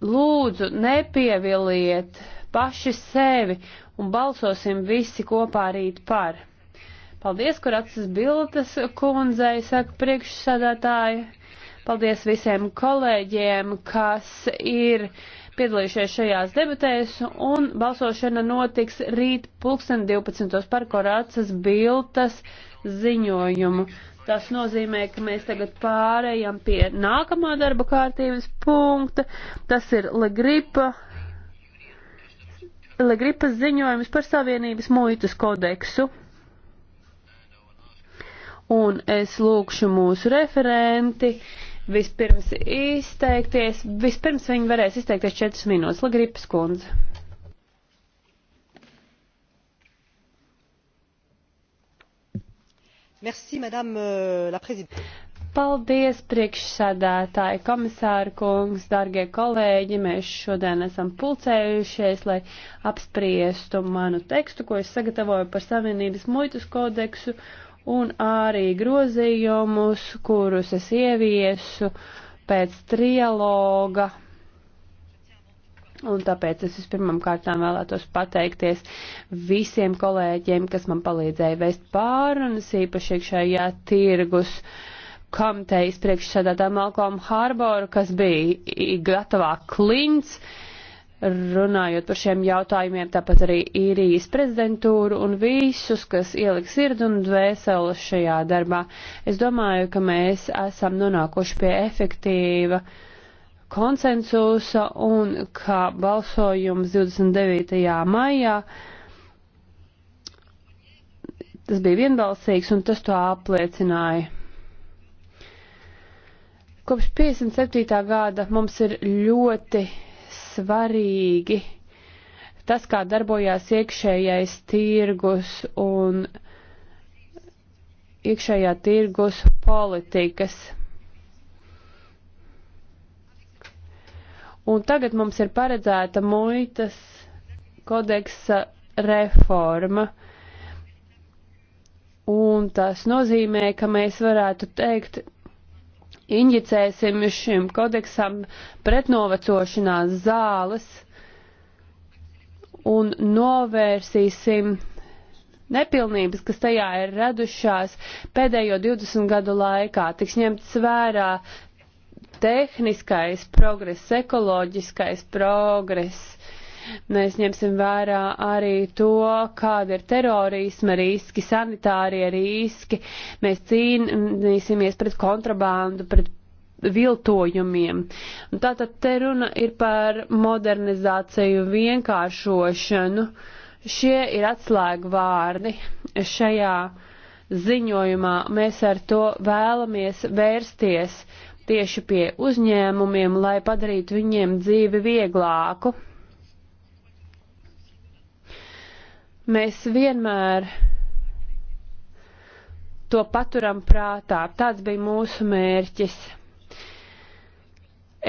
lūdzu nepievilliet paši sevi un balsosim visi kopā rīt par. Paldies, kur atsas bildes kundzei, saka priekšsādātāji. Paldies visiem kolēģiem, kas ir piedalījušies šajās debatēs, un balsošana notiks rīt pulksten 12. par Korācas bildes ziņojumu. Tas nozīmē, ka mēs tagad pārējām pie nākamā darba kārtības punkta. Tas ir Legripa, Legripas ziņojums par Savienības muitas kodeksu. Un es lūkšu mūsu referenti vispirms izteikties. Vispirms viņi varēs izteikties četras minūtes. Legripas kundze. Merci, madame euh, la prezidente. Paldies, priekšsādātāji, komisāra kungs, dargie kolēģi. Mēs šodien esam pulcējušies, lai apspriestu manu tekstu, ko es sagatavoju par Savienības muitas kodeksu un arī grozījumus, kurus es ieviesu pēc trialoga Un tāpēc es vispirmam kārtām vēlētos pateikties visiem kolēģiem, kas man palīdzēja veist pārunas, īpaši iekšējā tirgus komitejas priekšsēdētā Malcolm Harboru, kas bija gatavā klints, runājot par šiem jautājumiem, tāpat arī īrijas prezidentūru un visus, kas ieliks sirdi un dvēseli šajā darbā. Es domāju, ka mēs esam nonākuši pie efektīva konsensusa un ka balsojums 29. maijā tas bija vienbalsīgs un tas to apliecināja. Kopš 57. gada mums ir ļoti svarīgi tas, kā darbojās iekšējais tirgus un iekšējā tirgus politikas. Un tagad mums ir paredzēta muitas kodeksa reforma. Un tas nozīmē, ka mēs varētu teikt, inģicēsim šim kodeksam pretnovecošanās zāles un novērsīsim nepilnības, kas tajā ir radušās pēdējo 20 gadu laikā. Tiks ņemts vērā tehniskais progress, ekoloģiskais progress. Mēs ņemsim vērā arī to, kāda ir terorisma riski, sanitārie riski. Mēs cīnīsimies pret kontrabandu, pret viltojumiem. Tātad te runa ir par modernizāciju, vienkāršošanu. Šie ir atslēgu vārdi šajā ziņojumā. Mēs ar to vēlamies vērsties tieši pie uzņēmumiem, lai padarītu viņiem dzīvi vieglāku. Mēs vienmēr to paturam prātā. Tāds bija mūsu mērķis.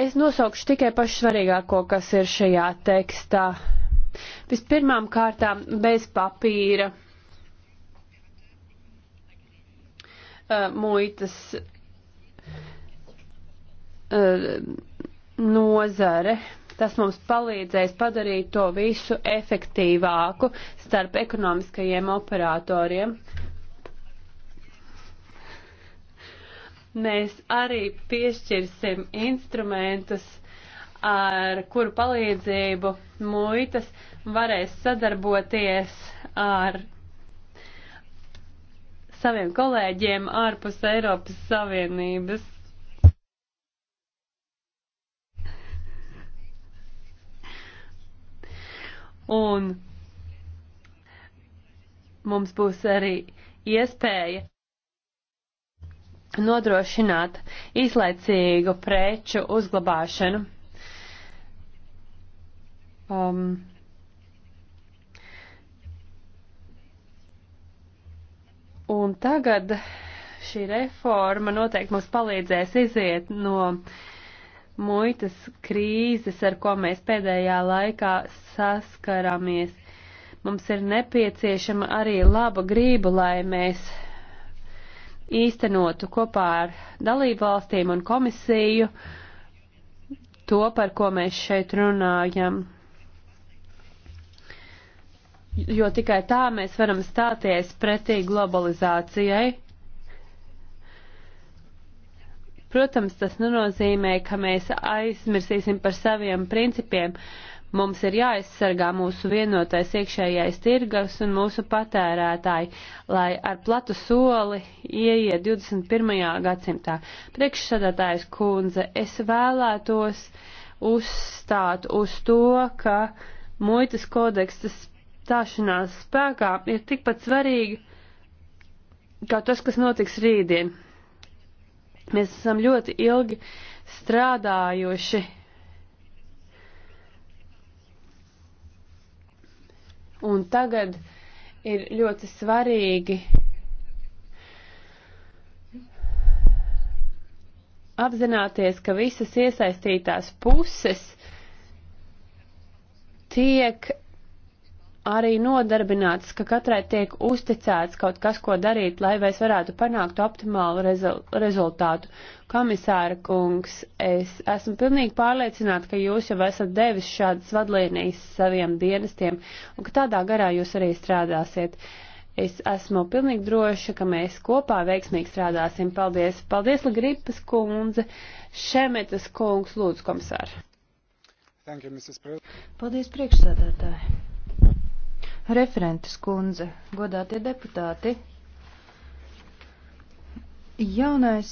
Es nosaukšu tikai pašu svarīgāko, kas ir šajā tekstā. Vispirmām kārtām bez papīra muitas Eh, nozare. Tas mums palīdzēs padarīt to visu efektīvāku starp ekonomiskajiem operatoriem. Mēs arī piešķirsim instrumentus, ar kuru palīdzību muitas varēs sadarboties ar saviem kolēģiem ārpus Eiropas Savienības. un mums būs arī iespēja nodrošināt īslaicīgu preču uzglabāšanu. Um, un tagad šī reforma noteikti mums palīdzēs iziet no uh, muitas krīzes, ar ko mēs pēdējā laikā saskaramies. Mums ir nepieciešama arī laba grība, lai mēs īstenotu kopā ar dalību valstīm un komisiju to, par ko mēs šeit runājam. Jo tikai tā mēs varam stāties pretī globalizācijai Protams, tas nenozīmē, ka mēs aizmirsīsim par saviem principiem. Mums ir jāaizsargā mūsu vienotais iekšējais tirgas un mūsu patērētāji, lai ar platu soli ieiet 21. gadsimtā. Priekšsādātājs kundze, es vēlētos uzstāt uz to, ka muitas kodeksas stāšanās spēkā ir tikpat svarīga kā tas, kas notiks rītdien. Mēs esam ļoti ilgi strādājuši. Un tagad ir ļoti svarīgi apzināties, ka visas iesaistītās puses tiek arī nodarbināts, ka katrai tiek uzticēts kaut kas, ko darīt, lai mēs varētu panākt optimālu rezultātu. Komisāra kungs, es esmu pilnīgi pārliecināta, ka jūs jau esat devis šādas vadlīnijas saviem dienestiem un ka tādā garā jūs arī strādāsiet. Es esmu pilnīgi droša, ka mēs kopā veiksmīgi strādāsim. Paldies! Paldies, Ligripas kundze! Šemetas kungs, lūdzu, komisāri! Paldies, priekšsēdētāji! Referentes kundze, godātie deputāti, jaunais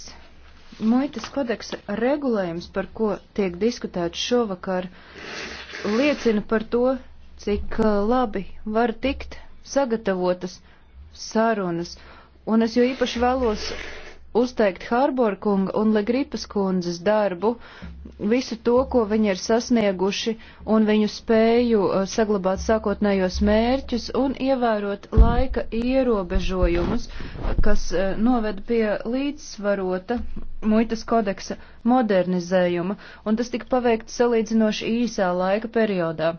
muitas kodeksa regulējums, par ko tiek diskutēts šovakar, liecina par to, cik uh, labi var tikt sagatavotas sarunas. Un es jo īpaši vēlos uzteikt Hārbora kunga un Legripas kundzes darbu visu to, ko viņi ir sasnieguši un viņu spēju uh, saglabāt sākotnējos mērķus un ievērot laika ierobežojumus, kas uh, noved pie līdzsvarota muitas kodeksa modernizējuma, un tas tika paveikts salīdzinoši īsā laika periodā.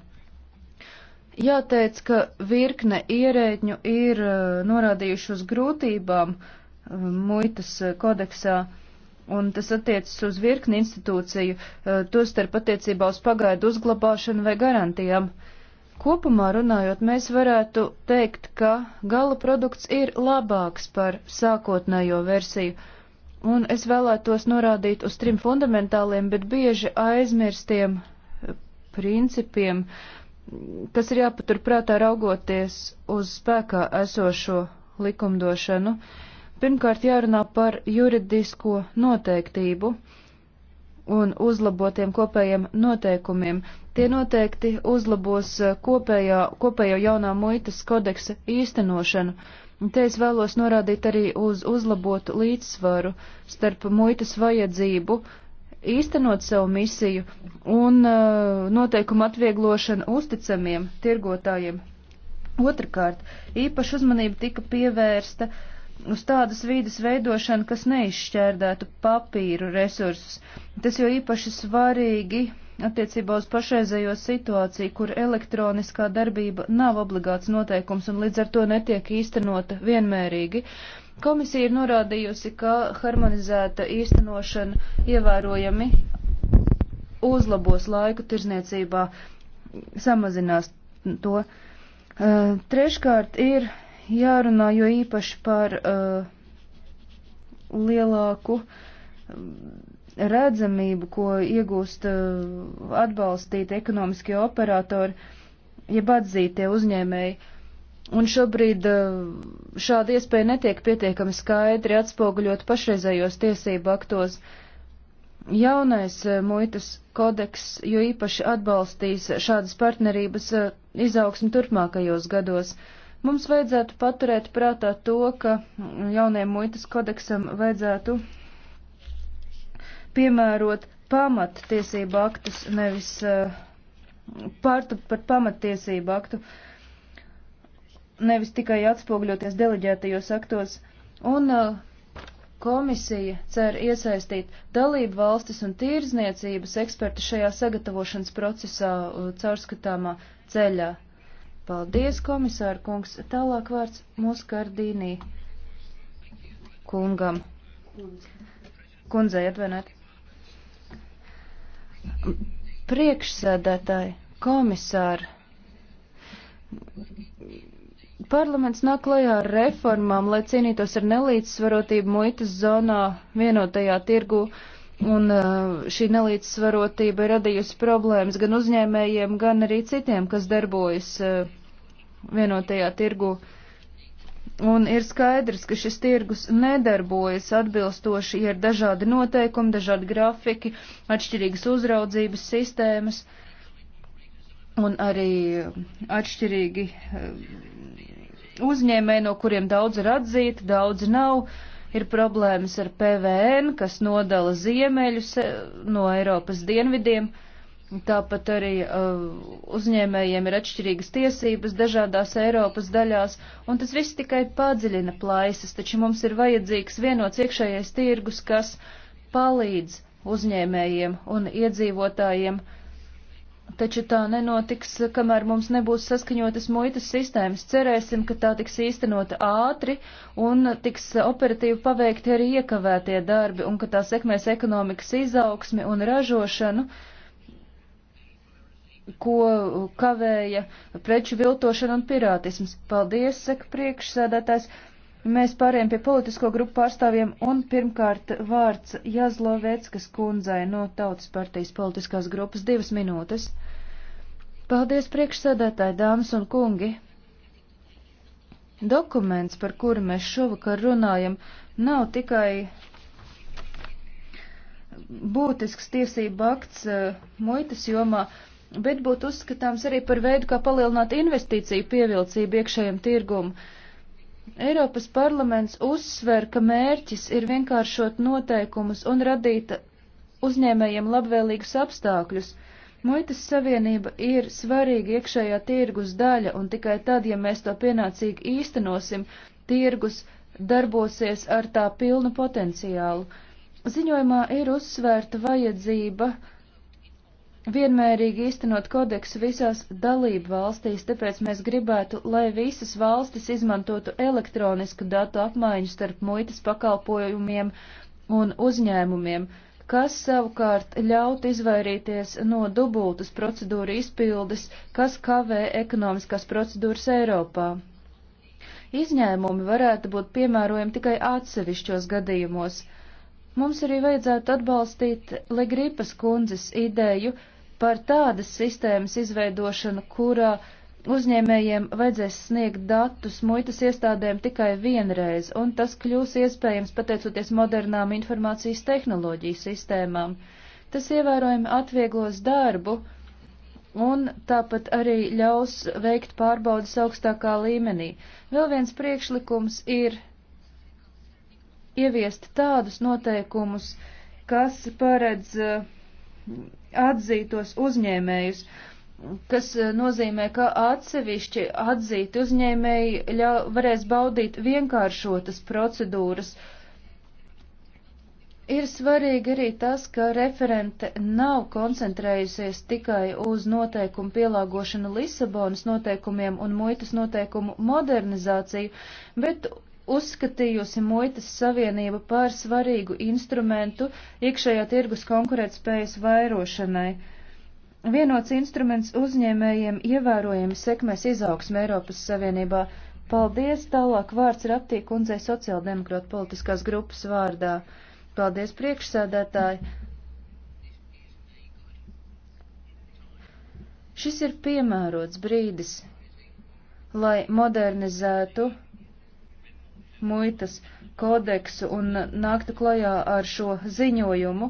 Jāteic, ka virkne ierēģņu ir uh, norādījuši uz grūtībām muitas kodeksā un tas attiecas uz virkni institūciju, eh, tostarp attiecībā uz pagaidu uzglabāšanu vai garantijām. Kopumā runājot, mēs varētu teikt, ka gala produkts ir labāks par sākotnējo versiju, un es vēlētos norādīt uz trim fundamentāliem, bet bieži aizmirstiem eh, principiem, kas ir jāpaturprātā raugoties uz spēkā esošo likumdošanu. Uh, Pirmkārt, jārunā par juridisko noteiktību un uzlabotiem kopējiem noteikumiem. Tie noteikti uzlabos eh, kopējā, kopējo jaunā muitas kodeksa īstenošanu. Te es vēlos norādīt arī uz uzlabotu līdzsvaru starp muitas vajadzību īstenot savu misiju un uh, noteikumu atvieglošanu uzticamiem tirgotājiem. Otrakārt, īpaša uzmanība tika pievērsta uh, uz tādas vīdes veidošanu, kas neizšķērdētu papīru resursus. Tas jau īpaši svarīgi attiecībā uz pašreizējo situāciju, kur elektroniskā darbība nav obligāts noteikums un līdz ar to netiek īstenota vienmērīgi. Komisija ir norādījusi, ka harmonizēta īstenošana ievērojami uzlabos laiku tirzniecībā, samazinās to. Uh, treškārt ir jārunā, jo īpaši par uh, lielāku um, redzamību, ko iegūst uh, atbalstīti ekonomiskie operatori, jeb atzītie uzņēmēji. Un šobrīd uh, šāda iespēja netiek pietiekami skaidri atspoguļot pašreizējos tiesību aktos. Jaunais uh, muitas kodeks jo īpaši atbalstīs šādas partnerības uh, izaugsmi turpmākajos gados. Uh, Mums vajadzētu paturēt prātā to, ka jaunajam muitas kodeksam vajadzētu piemērot pamattiesību aktus, nevis uh, eh, pārtupt par pamattiesību aktu, nevis tikai atspogļoties deleģētajos aktos. Un uh, komisija cer iesaistīt dalību valstis un tīrzniecības ekspertu šajā sagatavošanas procesā uh, caurskatāmā ceļā. Paldies, komisāra kungs. Tālāk vārds Muskardīnī kungam. Kundzei atvainojiet. Priekšsēdētāji, komisāri, parlaments nāk klajā ar reformām, lai cīnītos ar nelīdzsvarotību muitas zonā vienotajā tirgu, un uh, šī nelīdzsvarotība ir radījusi problēmas gan uzņēmējiem, gan arī citiem, kas darbojas uh, vienotajā tirgu. Un ir skaidrs, ka šis tirgus nedarbojas atbilstoši, ir dažādi noteikumi, dažādi grafiki, atšķirīgas uzraudzības sistēmas un arī atšķirīgi eh, uzņēmēji, no kuriem daudz ir atzīti, daudz nav. Ir problēmas ar PVN, kas nodala ziemeļus eh, no Eiropas dienvidiem. Uh, Tāpat arī uh, uzņēmējiem ir atšķirīgas tiesības dažādās Eiropas daļās, un tas viss tikai padziļina plaisas, taču mums ir vajadzīgs vienots iekšējais tirgus, kas palīdz uzņēmējiem un iedzīvotājiem. Taču tā nenotiks, kamēr mums nebūs saskaņotas muitas sistēmas. Cerēsim, ka tā tiks īstenota ātri un tiks operatīvi paveikti arī iekavētie darbi, un ka tā sekmēs ekonomikas izaugsmi un ražošanu. Uh, ko kavēja preču viltošana un pirātisms. Paldies, saka priekšsēdētājs. Mēs pārējām pie politisko grupu pārstāvjiem un pirmkārt vārds Jazlovēckas kundzai no Tautas partijas politiskās grupas divas minūtes. Paldies priekšsēdētāji, dāmas un kungi! Dokuments, par kuru mēs šovakar runājam, nav tikai būtisks tiesība akts uh, muitas jomā, bet būtu uzskatāms arī par veidu, kā palielināt investīciju pievilcību iekšējiem tirgumam. Eiropas parlaments uzsver, ka mērķis ir vienkāršot noteikumus un radīt uzņēmējiem labvēlīgus apstākļus. Muitas savienība ir svarīga iekšējā tirgus daļa, un tikai tad, ja mēs to pienācīgi īstenosim, tirgus darbosies ar tā pilnu potenciālu. Ziņojumā ir uzsvērta vajadzība uh, vienmērīgi īstenot kodeksu visās dalību valstīs, tāpēc mēs gribētu, lai visas valstis izmantotu elektronisku datu apmaiņu starp muitas pakalpojumiem un uzņēmumiem, kas savukārt ļaut izvairīties no dubultas procedūra izpildes, kas kavē ekonomiskās procedūras Eiropā. Izņēmumi varētu būt piemērojami tikai atsevišķos gadījumos. Mums arī vajadzētu atbalstīt Legripas kundzes ideju par tādas sistēmas izveidošanu, kurā uzņēmējiem vajadzēs sniegt datus muitas iestādēm tikai vienreiz, un tas kļūs iespējams pateicoties modernām informācijas tehnoloģiju sistēmām. Tas ievērojami atvieglos darbu un tāpat arī ļaus veikt pārbaudas augstākā līmenī. Vēl viens priekšlikums ir ieviest tādus noteikumus, kas paredz eh, atzītos uzņēmējus, kas eh, nozīmē, ka atsevišķi atzīti uzņēmēji ļau, varēs baudīt vienkāršotas procedūras. Ir svarīgi arī tas, ka referente nav koncentrējusies tikai uz noteikumu pielāgošanu Lisabonas noteikumiem un muitas noteikumu modernizāciju, bet uzskatījusi muitas savienību par svarīgu instrumentu iekšējā tirgus konkurētspējas vairošanai. Vienots instruments uzņēmējiem ievērojami sekmēs izaugsmē Eiropas Savienībā. Paldies, tālāk vārds ir aptīk kundzei sociāldemokrāta politiskās grupas vārdā. Paldies, priekšsēdētāji. Šis ir piemērots brīdis, lai modernizētu muitas kodeksu un nāktu klajā ar šo ziņojumu.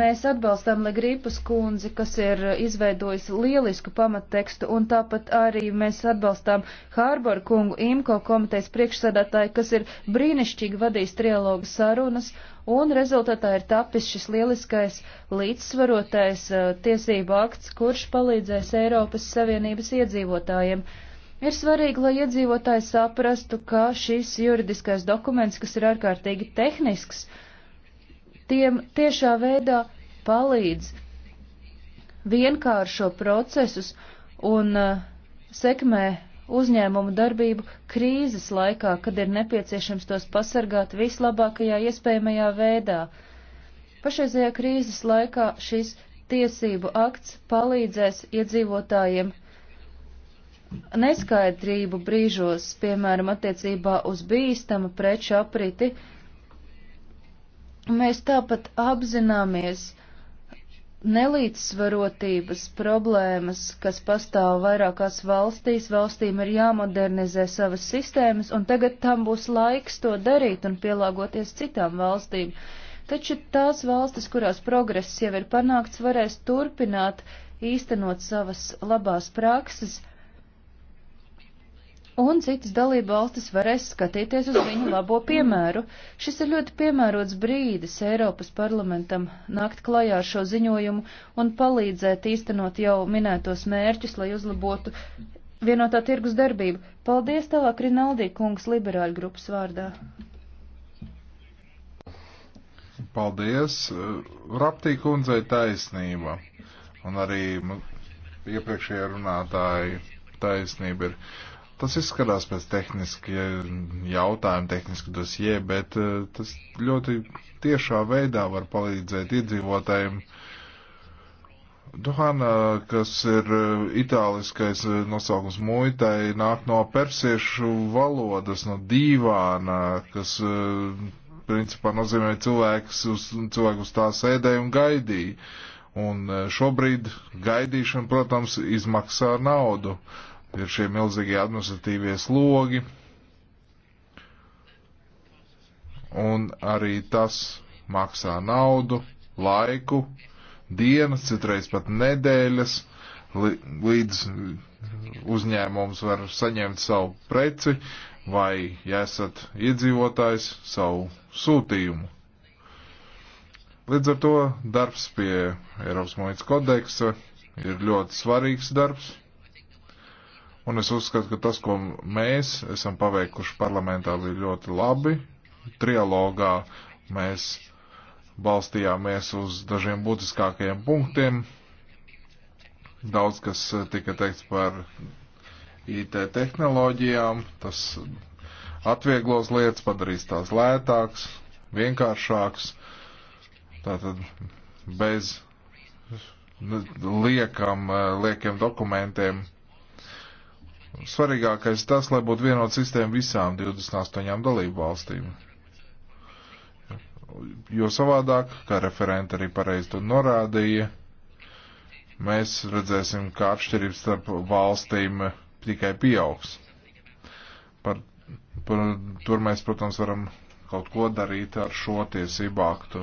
Mēs atbalstām Legrīpas kundzi, kas ir izveidojusi lielisku pamattekstu, un tāpat arī mēs atbalstām Hārbor kungu IMKO komitejas priekšsēdētāju, kas ir brīnišķīgi vadījis trialogu sarunas, un rezultātā ir tapis šis lieliskais līdzsvarotais eh, tiesību akts, kurš palīdzēs Eiropas Savienības iedzīvotājiem. Uh, Ir svarīgi, lai iedzīvotāji saprastu, ka šis juridiskais dokuments, kas ir ārkārtīgi tehnisks, tiem tiešā veidā palīdz vienkāršo procesus un uh, sekmē uzņēmumu darbību krīzes laikā, kad ir nepieciešams tos pasargāt vislabākajā iespējamajā veidā. Pašreizajā krīzes laikā šis tiesību akts palīdzēs iedzīvotājiem neskaidrību brīžos, piemēram, attiecībā uz bīstama preču apriti, mēs tāpat apzināmies nelīdzsvarotības problēmas, kas pastāv vairākās valstīs. Valstīm ir jāmodernizē savas sistēmas, un tagad tam būs laiks to darīt un pielāgoties citām valstīm. Taču tās valstis, kurās progress jau ir panākts, varēs turpināt īstenot savas labās prakses un citas dalība valstis varēs skatīties uz viņu labo piemēru. Šis ir ļoti piemērots brīdis Eiropas parlamentam nākt klajā ar šo ziņojumu un palīdzēt īstenot jau minētos mērķus, lai uzlabotu vienotā tirgus darbību. Paldies tālāk Rinaldī kungs liberāļu grupas vārdā. Paldies. Raptī kundzei taisnība. Un arī iepriekšējā runātāja taisnība ir. Uh, Tas izskatās pēc tehniski jautājumu, tehniski dosie, bet eh, tas ļoti tiešā veidā var palīdzēt iedzīvotājiem. Duhana, kas ir eh, itāliskais eh, nosaukums muitai, nāk no persiešu valodas, no divāna, kas principā nozīmē cilvēks uz, cilvēku uz tā sēdēja un gaidīja. Un šobrīd gaidīšana, protams, izmaksā naudu. Uh, ir šie milzīgie administratīvie slogi. Un arī tas maksā naudu, laiku, dienas, citreiz pat nedēļas, līdz uzņēmums var saņemt savu preci vai, ja esat iedzīvotājs, savu sūtījumu. Līdz ar to darbs pie Eiropas Mojas kodeksa ir ļoti svarīgs darbs Un es uzskatu, ka tas, ko mēs esam paveikuši parlamentā, bija ļoti labi. Trialogā mēs balstījāmies uz dažiem būtiskākajiem punktiem. Daudz kas tika teikts par IT tehnoloģijām, tas atvieglos lietas, padarīs tās lētāks, vienkāršāks. Tātad bez liekam, liekiem dokumentiem Svarīgākais tas, lai būtu vienota sistēma visām 28 dalību valstīm. Jo savādāk, kā referenta arī pareizi to norādīja, mēs redzēsim, ka atšķirības starp valstīm tikai pieaugs. Par, par, tur mēs, protams, varam kaut ko darīt ar šo tiesību aktu.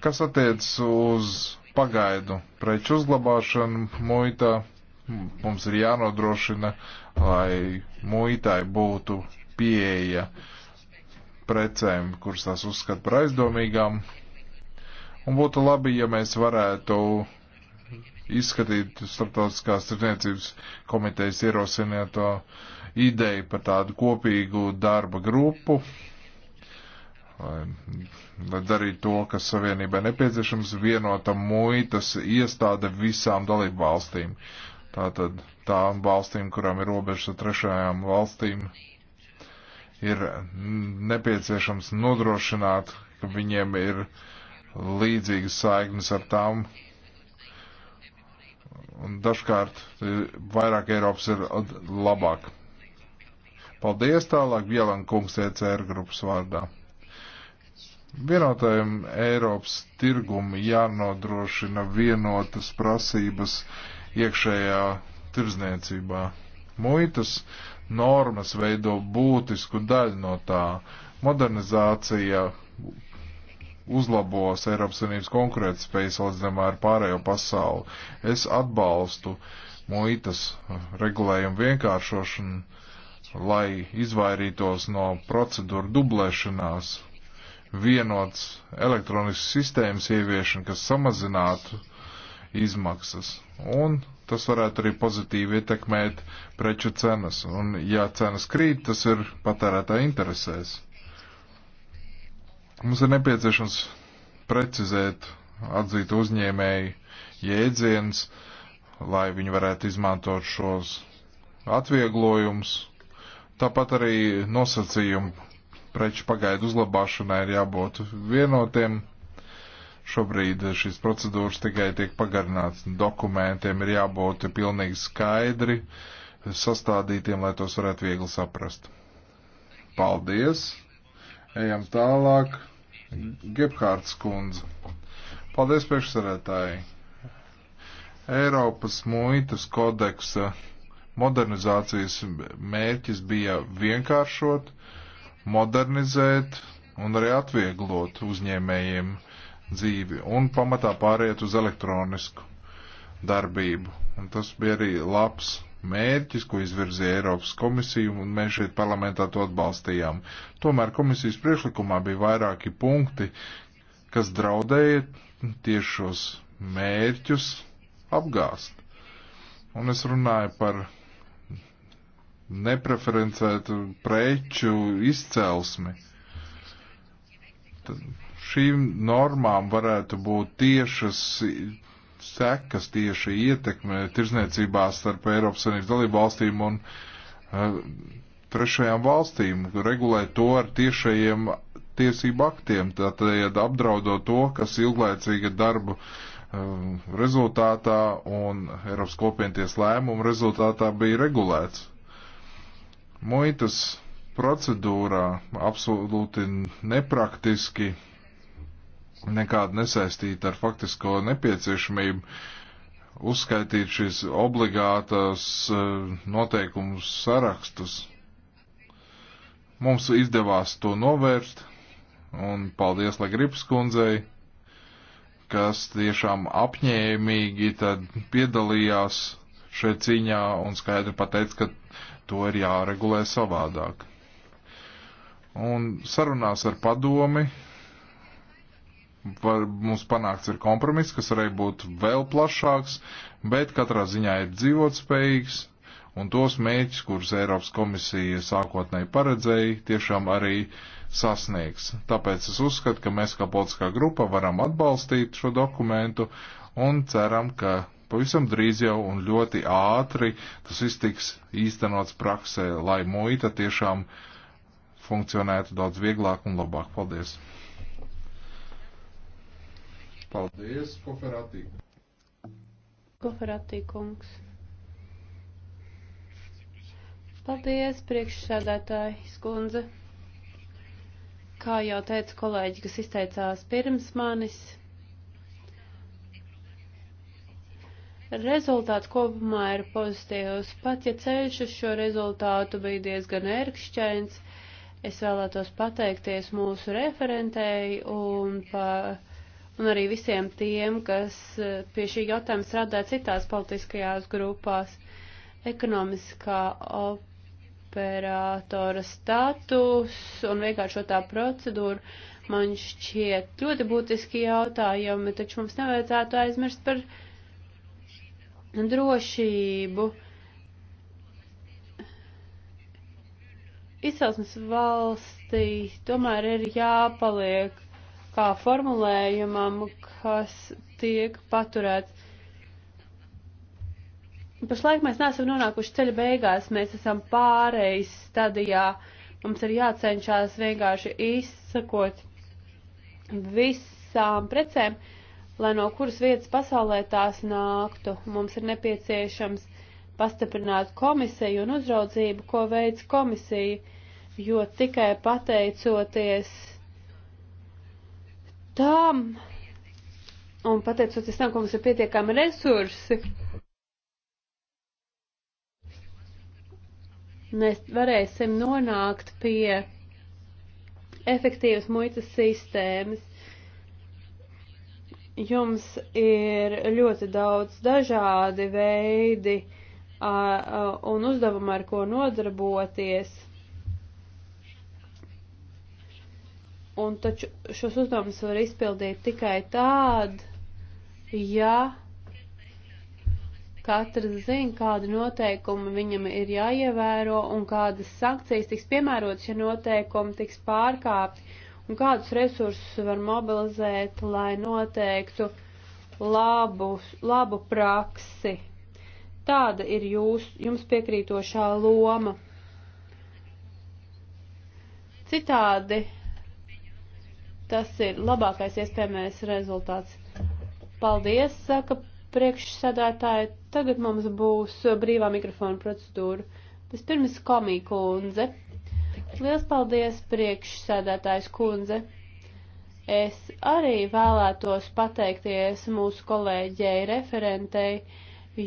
Kas attiec uz pagaidu preču uzglabāšanu muitā? Mums ir jānodrošina, lai muitai būtu pieeja precēm, kuras tās uzskata par aizdomīgām. Un būtu labi, ja mēs varētu izskatīt starptautiskās tirdzniecības komitejas ierosināto ideju par tādu kopīgu darba grupu, lai, lai darītu to, kas savienībai nepieciešams, vienota muitas iestāde visām dalību valstīm. Tātad tām valstīm, kurām ir robežas ar trešajām valstīm, ir nepieciešams nodrošināt, ka viņiem ir līdzīgas saiknes ar tām. Un dažkārt eh, vairāk Eiropas ir labāk. Paldies tālāk Bielan kungs ECR grupas vārdā. Vienotajam Eiropas tirgumu jānodrošina vienotas prasības iekšējā tirzniecībā. Muitas normas veido būtisku daļu no tā. Modernizācija uzlabos Eiropas Savienības konkurētspēju salīdzinājumā ar pārējo pasauli. Es atbalstu muitas regulējumu vienkāršošanu, lai izvairītos no procedūru dublēšanās, vienots elektronisks sistēmas ieviešana, kas samazinātu izmaksas un tas varētu arī pozitīvi ietekmēt preču cenas. Un, ja cenas krīt, tas ir patērētāja interesēs. Mums ir nepieciešams precizēt atzīt uzņēmēju jēdziens, lai viņi varētu izmantot šos atvieglojumus. Tāpat arī nosacījumu preču pagaidu uzlabāšanai ir jābūt vienotiem Šobrīd šīs procedūras tikai tiek pagarināts. Dokumentiem ir jābūt pilnīgi skaidri sastādītiem, lai tos varētu viegli saprast. Paldies! Ejam tālāk. Gebhārds kundze. Paldies, priekšsarētāji! Eiropas muitas kodeksa modernizācijas mērķis bija vienkāršot, modernizēt un arī atvieglot uzņēmējiem uh, dzīvi un pamatā pāriet uz elektronisku darbību. Un tas bija arī labs mērķis, ko izvirzīja Eiropas komisija, un mēs šeit parlamentā to atbalstījām. Tomēr komisijas priekšlikumā bija vairāki punkti, kas draudēja tieši šos mērķus apgāst. Un es runāju par nepreferencētu preču izcelsmi. Tad šīm normām varētu būt tiešas sekas, tieši ietekme tirzniecībā starp Eiropas Savienības dalību valstīm un uh, trešajām valstīm, regulēt to ar tiešajiem tiesību aktiem, tātad apdraudot to, kas ilglaicīga darba uh, eh, rezultātā un Eiropas kopienties lēmumu rezultātā bija regulēts. Muitas procedūrā absolūti nepraktiski nekāda nesaistīta ar faktisko nepieciešamību uzskaitīt šīs obligātās eh, noteikumu sarakstus. Mums izdevās to novērst, un paldies Legribas kundzei, kas tiešām apņēmīgi tad piedalījās šajā cīņā un skaidri pateica, ka to ir jāregulē savādāk. Un sarunās ar padomi var, mums panākts ir kompromiss, kas varēja būt vēl plašāks, bet katrā ziņā ir dzīvotspējīgs, un tos mēģus, kurus Eiropas komisija sākotnēji paredzēja, tiešām arī sasniegs. Tāpēc es uzskatu, ka mēs kā politiskā grupa varam atbalstīt šo dokumentu un ceram, ka pavisam drīz jau un ļoti ātri tas viss tiks īstenots praksē, lai muita tiešām funkcionētu daudz vieglāk un labāk. Paldies! Paldies, Koferatī. Koferatī kungs. Paldies, priekšsēdētāji, skundze. Kā jau teica kolēģi, kas izteicās pirms manis, rezultāts kopumā ir pozitīvs. Pat ja ceļš uz šo rezultātu bija diezgan ērkšķains, es vēlētos pateikties mūsu referentēji un par un arī visiem tiem, kas e, pie šī jautājuma strādā citās politiskajās grupās. Ekonomiskā operātora status un vienkāršotā procedūra man šķiet ļoti būtiski jautājumi, taču mums nevajadzētu aizmirst par drošību. Izcelsmes valstī tomēr ir jāpaliek kā formulējumam, kas tiek paturēts. Pašlaik mēs neesam nonākuši ceļa beigās, mēs esam pārejas stadijā. Mums ir jācenšas vienkārši izsakot visām precēm, lai no kuras vietas pasaulē tās nāktu. Mums ir nepieciešams pastiprināt komisiju un uzraudzību, ko veids komisija, jo tikai pateicoties tam, un pateicoties tam, ka mums ir pietiekami resursi, mēs varēsim nonākt pie efektīvas muitas sistēmas. Jums ir ļoti daudz dažādi veidi a, a, un uzdevumi, ar ko nodarboties. Un taču šos uzdevumus var izpildīt tikai tād, ja katrs zina, kādi noteikumi viņam ir jāievēro un kādas sankcijas tiks piemērotas, ja noteikumi tiks pārkāpti un kādus resursus var mobilizēt, lai noteiktu labu, labu praksi. Tāda ir jūs, jums piekrītošā loma. Citādi Tas ir labākais iespējamais rezultāts. Paldies, saka priekšsēdētāji. Tagad mums būs brīvā mikrofona procedūra. Vispirms komija kundze. Lielas paldies, priekšsēdētājs kundze. Es arī vēlētos pateikties mūsu kolēģei referentei,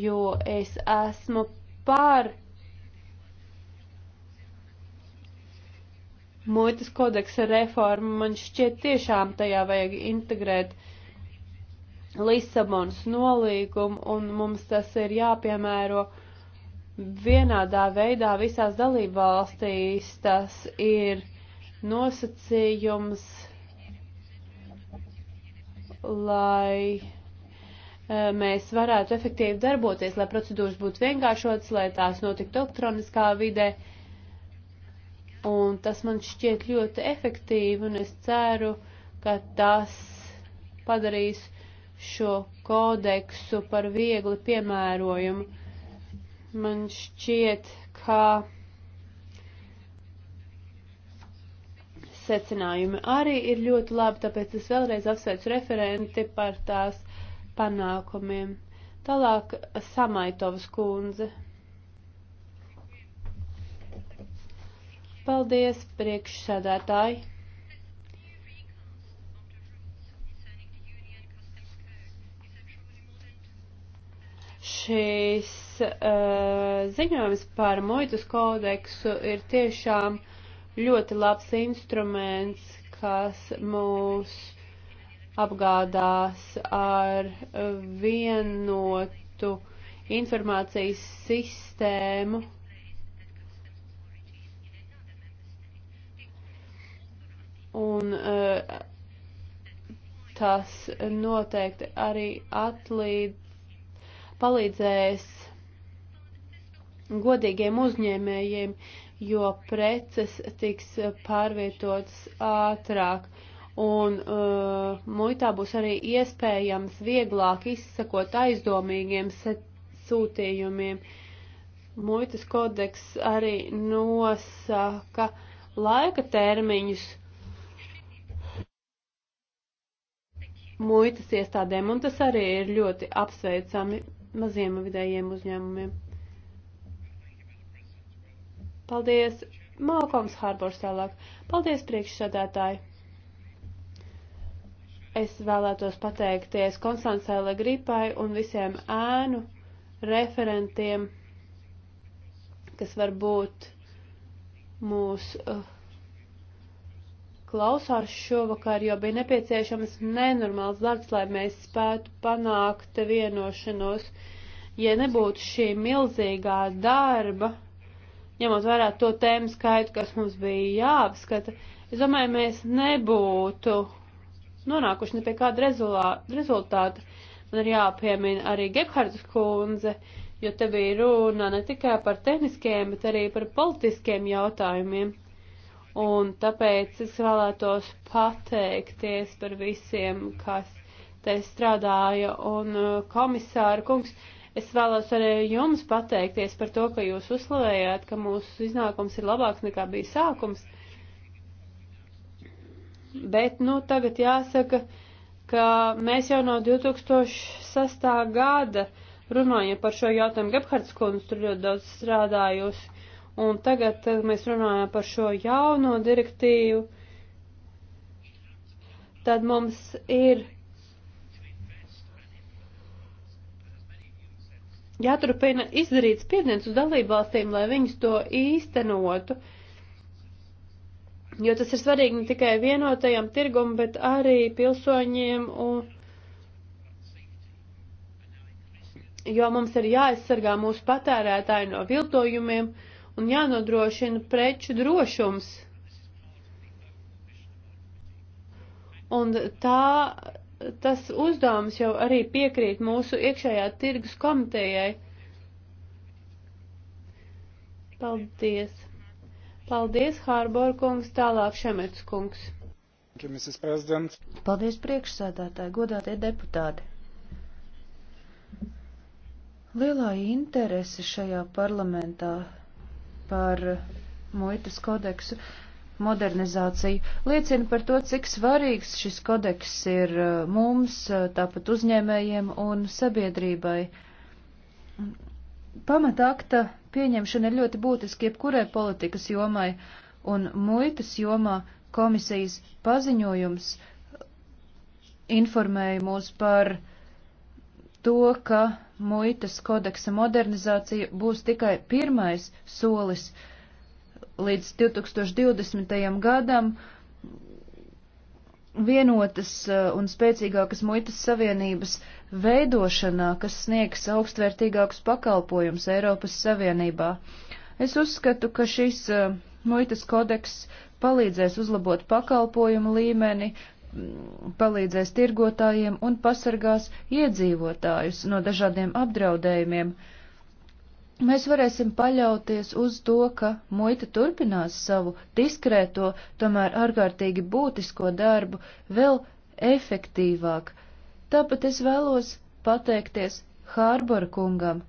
jo es esmu par muitas kodeksa reformu, man šķiet tiešām tajā vajag integrēt Lisabonas nolīgumu, un mums tas ir jāpiemēro vienādā veidā visās dalībvalstīs. Tas ir nosacījums, lai e, mēs varētu efektīvi darboties, lai procedūras būtu vienkāršotas, lai tās notiktu elektroniskā vidē. Uh, Un tas man šķiet ļoti efektīvi, un es ceru, ka tas padarīs šo kodeksu par viegli piemērojumu. Man šķiet, ka secinājumi arī ir ļoti labi, tāpēc es vēlreiz apsveicu referenti par tās panākumiem. Tālāk Samaitovas kundze. Paldies, priekšsēdētāji! Šīs uh, eh, ziņojums par muitas kodeksu ir tiešām ļoti labs instruments, kas mūs apgādās ar vienotu informācijas sistēmu Un uh, tas noteikti arī atlīd, palīdzēs godīgiem uzņēmējiem, jo preces tiks pārvietotas ātrāk. Un uh, muitā būs arī iespējams vieglāk izsakot aizdomīgiem sūtījumiem. Muitas kodeks arī nosaka laika termiņus, muitas iestādēm, un tas arī ir ļoti apsveicami maziem un vidējiem uzņēmumiem. Paldies, Malkoms Harbors tālāk. Paldies, priekšsādātāji. Es vēlētos pateikties Konstancē Legripai un visiem ēnu referentiem, kas varbūt mūs uh, klausās šovakar, jo bija nepieciešams nenormāls darbs, lai mēs spētu panākt vienošanos. Ja nebūtu šī milzīgā darba, ņemot vērā to tēmu skaitu, kas mums bija jāapskata, es domāju, mēs nebūtu nonākuši ne pie kāda rezultāta. Man ir jāpiemina arī Gebhards kundze, jo te bija runa ne tikai par tehniskiem, bet arī par politiskiem jautājumiem. Un tāpēc es vēlētos pateikties par visiem, kas te strādāja. Un uh, komisāra kungs, es vēlos arī jums pateikties par to, ka jūs uzslavējāt, ka mūsu iznākums ir labāks nekā bija sākums. Bet, nu, tagad jāsaka, ka mēs jau no 2006. gada runājam par šo jautājumu. Gebhards kundze tur ļoti daudz strādājusi. Un tagad mēs runājam par šo jauno direktīvu, tad mums ir jāturpina izdarīt spiediens uz dalībvalstīm, lai viņas to īstenotu, jo tas ir svarīgi ne tikai vienotajam tirgum, bet arī pilsoņiem, un, jo mums ir jāaizsargā mūsu patērētāji no viltojumiem, uh, un jānodrošina preču drošums. Un tā, tas uzdevums jau arī piekrīt mūsu iekšējā tirgus komitejai. Paldies. Paldies, Hārbor kungs, tālāk Šemets kungs. Paldies, priekšsēdētāji, godātie deputāti. Lielā interese šajā parlamentā par muitas kodeksu modernizāciju liecina par to, cik svarīgs šis kodeks ir uh, mums, uh, tāpat uzņēmējiem un sabiedrībai. Pamatakta pieņemšana ir ļoti būtiska jebkurai politikas jomai, un muitas jomā komisijas paziņojums informēja mūs par uh, to, ka muitas kodeksa modernizācija būs tikai pirmais solis līdz 2020. gadam vienotas uh, un spēcīgākas muitas savienības veidošanā, kas sniegs augstvērtīgākus pakalpojumus Eiropas Savienībā. Es uzskatu, ka šis uh, muitas kodeks palīdzēs uzlabot pakalpojumu līmeni, Mm, palīdzēs tirgotājiem un pasargās iedzīvotājus no dažādiem apdraudējumiem. Mēs varēsim paļauties uz to, ka muita turpinās savu diskrēto, tomēr ārkārtīgi būtisko darbu vēl efektīvāk. Tāpat es vēlos pateikties Hārbora kungam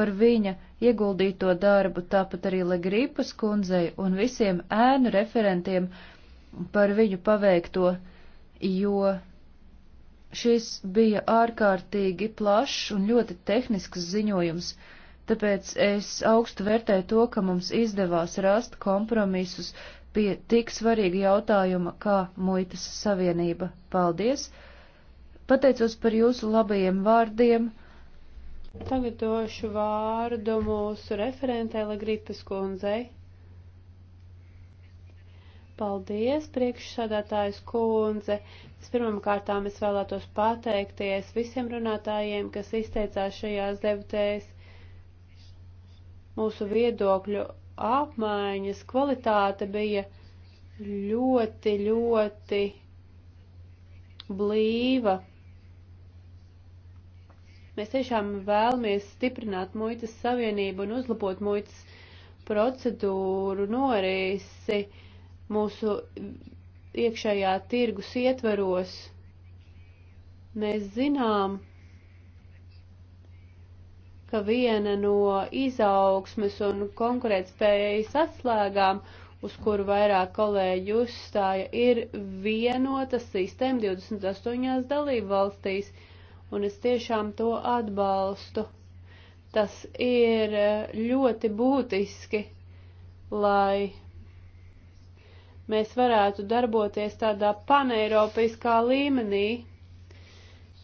par viņa ieguldīto darbu, tāpat arī Legrīpas kundzei un visiem ēnu referentiem par viņu paveikto jo šis bija ārkārtīgi plašs un ļoti tehnisks ziņojums, tāpēc es augstu vērtēju to, ka mums izdevās rast kompromisus pie tik svarīga jautājuma kā muitas savienība. Paldies! Pateicos par jūsu labajiem vārdiem. Tagad došu vārdu mūsu referentē Lagritas kundzei. Paldies, priekšsādātājs kundze. Vispirmām kārtām es vēlētos pateikties visiem runātājiem, kas izteicās šajās debatēs. Mūsu viedokļu apmaiņas kvalitāte bija ļoti, ļoti blīva. Mēs tiešām vēlamies stiprināt muitas savienību un uzlabot muitas procedūru norisi mūsu iekšējā tirgus ietveros. Mēs zinām, ka viena no izaugsmes un konkurētspējas atslēgām, uz kuru vairāk kolēģi uzstāja, ir vienota sistēma 28 dalību valstīs, un es tiešām to atbalstu. Tas ir ļoti būtiski, lai mēs varētu darboties tādā paneiropeiskā līmenī.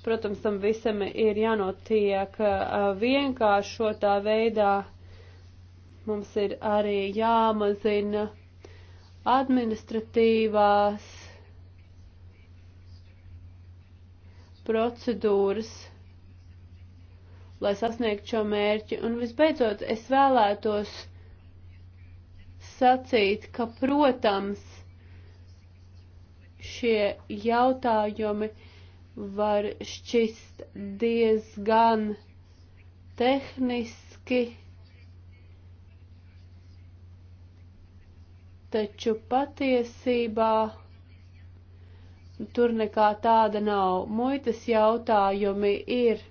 Protams, tam visam ir jānotiek uh, vienkāršotā veidā. Mums ir arī jāmazina administratīvās procedūras, lai sasniegtu šo mērķi. Un visbeidzot, es vēlētos sacīt, ka, protams, šie jautājumi var šķist diezgan tehniski, taču patiesībā tur nekā tāda nav. Muitas jautājumi ir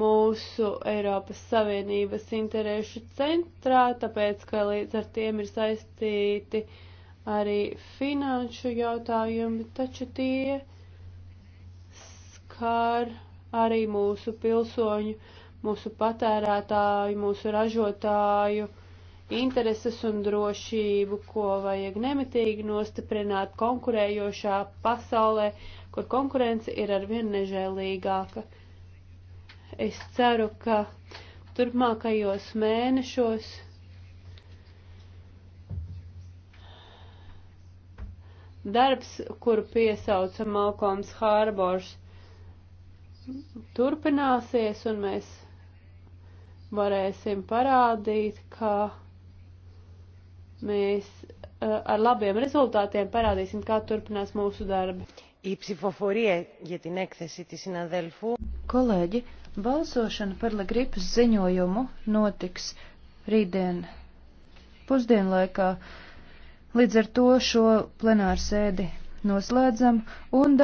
mūsu Eiropas Savienības interešu centrā, tāpēc, ka līdz ar tiem ir saistīti uh, arī finanšu jautājumi, taču tie skar arī mūsu pilsoņu, mūsu patērētāju, mūsu ražotāju intereses un drošību, ko vajag nemitīgi nostiprināt konkurējošā pasaulē, kur konkurence ir arvien nežēlīgāka. Es ceru, ka turpmākajos mēnešos Darbs, kuru piesauca Malkoms Hārbors, turpināsies un mēs varēsim parādīt, ka mēs eh, ar labiem rezultātiem parādīsim, kā turpinās mūsu darbi. Kolēģi, balsošana par Legripas ziņojumu notiks rītdien pusdienlaikā. Līdz ar to šo plenāru sēdi noslēdzam un